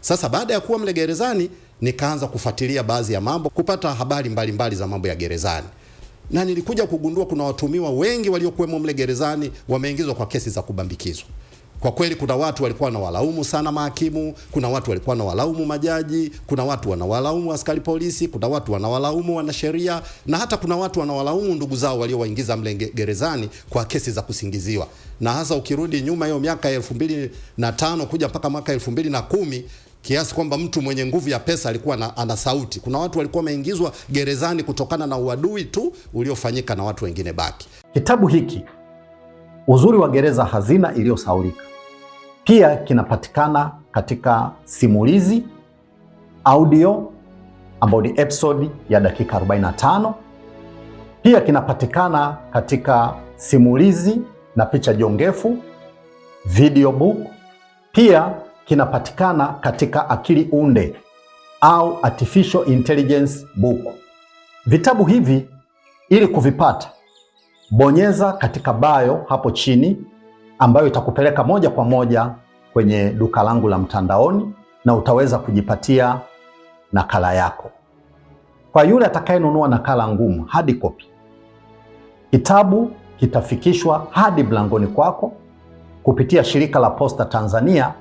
Sasa baada ya kuwa mle gerezani, nikaanza kufuatilia baadhi ya mambo, kupata habari mbalimbali mbali za mambo ya gerezani, na nilikuja kugundua kuna watumiwa wengi waliokuwemo mle gerezani wameingizwa kwa kesi za kubambikizwa. Kwa kweli kuna watu walikuwa na walaumu sana mahakimu, kuna watu walikuwa na walaumu majaji, kuna watu wanawalaumu askari polisi, kuna watu wanawalaumu wanasheria, na hata kuna watu wanawalaumu ndugu zao waliowaingiza mle gerezani kwa kesi za kusingiziwa. Na hasa ukirudi nyuma hiyo miaka elfu mbili na tano kuja mpaka mwaka elfu mbili na kumi kiasi kwamba mtu mwenye nguvu ya pesa alikuwa na, ana sauti. Kuna watu walikuwa wameingizwa gerezani kutokana na uadui tu uliofanyika na watu wengine baki. Kitabu hiki Uzuri wa Gereza, Hazina Iliyosaulika pia kinapatikana katika simulizi audio ambayo ni episode ya dakika 45. Pia kinapatikana katika simulizi na picha jongefu video book pia kinapatikana katika Akili Unde au Artificial Intelligence Book. Vitabu hivi ili kuvipata, bonyeza katika bio hapo chini ambayo itakupeleka moja kwa moja kwenye duka langu la mtandaoni na utaweza kujipatia nakala yako. Kwa yule atakayenunua nakala ngumu hard copy, kitabu kitafikishwa hadi mlangoni kwako kupitia shirika la Posta Tanzania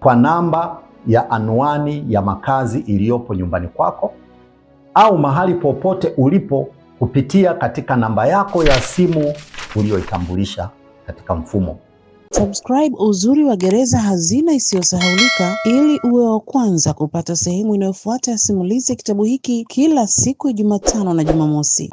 kwa namba ya anwani ya makazi iliyopo nyumbani kwako au mahali popote ulipo kupitia katika namba yako ya simu uliyoitambulisha katika mfumo. Subscribe Uzuri wa Gereza Hazina Isiyosahaulika ili uwe wa kwanza kupata sehemu inayofuata ya simulizi ya kitabu hiki kila siku ya Jumatano na Jumamosi.